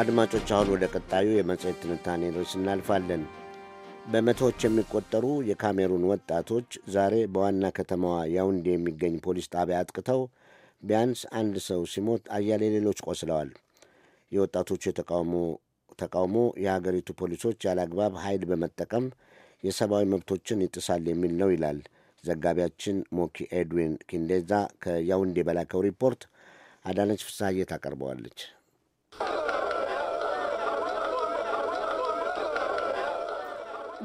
አድማጮች አሁን ወደ ቀጣዩ የመጽሔት ትንታኔ ርዕስ እናልፋለን። በመቶዎች የሚቆጠሩ የካሜሩን ወጣቶች ዛሬ በዋና ከተማዋ ያውንዴ የሚገኝ ፖሊስ ጣቢያ አጥቅተው ቢያንስ አንድ ሰው ሲሞት አያሌ ሌሎች ቆስለዋል። የወጣቶቹ ተቃውሞ የሀገሪቱ ፖሊሶች ያለአግባብ ኃይል በመጠቀም የሰብአዊ መብቶችን ይጥሳል የሚል ነው ይላል ዘጋቢያችን ሞኪ ኤድዊን ኪንዴዛ ከያውንዴ በላከው ሪፖርት። አዳነች ፍስሐዬ አቀርበዋለች?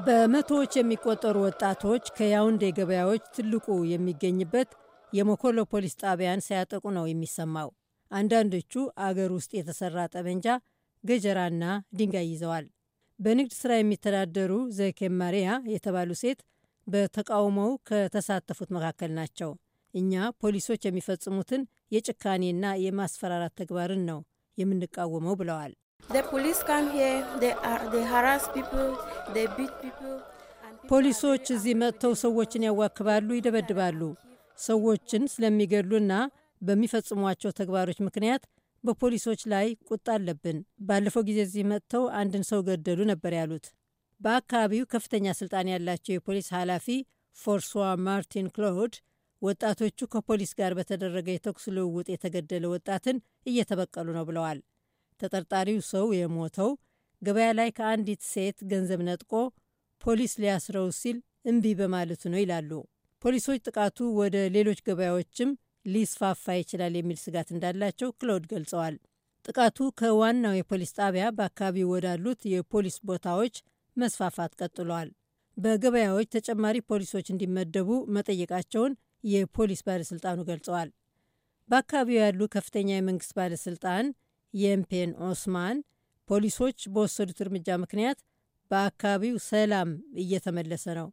በመቶዎች የሚቆጠሩ ወጣቶች ከያውንዴ ገበያዎች ትልቁ የሚገኝበት የሞኮሎ ፖሊስ ጣቢያን ሲያጠቁ ነው የሚሰማው። አንዳንዶቹ አገር ውስጥ የተሰራ ጠመንጃ፣ ገጀራና ድንጋይ ይዘዋል። በንግድ ሥራ የሚተዳደሩ ዘኬ ማሪያ የተባሉ ሴት በተቃውሞው ከተሳተፉት መካከል ናቸው። እኛ ፖሊሶች የሚፈጽሙትን የጭካኔና የማስፈራራት ተግባርን ነው የምንቃወመው ብለዋል። ፖሊሶች እዚህ መጥተው ሰዎችን ያዋክባሉ፣ ይደበድባሉ። ሰዎችን ስለሚገድሉና በሚፈጽሟቸው ተግባሮች ምክንያት በፖሊሶች ላይ ቁጣ አለብን። ባለፈው ጊዜ እዚህ መጥተው አንድን ሰው ገደሉ ነበር ያሉት። በአካባቢው ከፍተኛ ስልጣን ያላቸው የፖሊስ ኃላፊ ፎርሷ ማርቲን ክሎድ ወጣቶቹ ከፖሊስ ጋር በተደረገ የተኩስ ልውውጥ የተገደለ ወጣትን እየተበቀሉ ነው ብለዋል። ተጠርጣሪው ሰው የሞተው ገበያ ላይ ከአንዲት ሴት ገንዘብ ነጥቆ ፖሊስ ሊያስረው ሲል እምቢ በማለቱ ነው ይላሉ። ፖሊሶች ጥቃቱ ወደ ሌሎች ገበያዎችም ሊስፋፋ ይችላል የሚል ስጋት እንዳላቸው ክሎድ ገልጸዋል። ጥቃቱ ከዋናው የፖሊስ ጣቢያ በአካባቢው ወዳሉት የፖሊስ ቦታዎች መስፋፋት ቀጥሏል። በገበያዎች ተጨማሪ ፖሊሶች እንዲመደቡ መጠየቃቸውን የፖሊስ ባለሥልጣኑ ገልጸዋል። በአካባቢው ያሉ ከፍተኛ የመንግሥት ባለሥልጣን የምፔን ኦስማን ፖሊሶች በወሰዱት እርምጃ ምክንያት በአካባቢው ሰላም እየተመለሰ ነው፣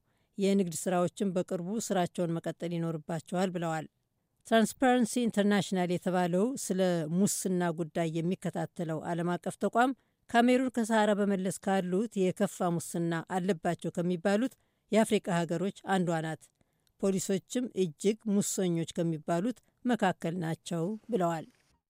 የንግድ ስራዎችን በቅርቡ ስራቸውን መቀጠል ይኖርባቸዋል ብለዋል። ትራንስፓረንሲ ኢንተርናሽናል የተባለው ስለ ሙስና ጉዳይ የሚከታተለው ዓለም አቀፍ ተቋም ካሜሩን ከሰሃራ በመለስ ካሉት የከፋ ሙስና አለባቸው ከሚባሉት የአፍሪቃ ሀገሮች አንዷ ናት። ፖሊሶችም እጅግ ሙሰኞች ከሚባሉት መካከል ናቸው ብለዋል።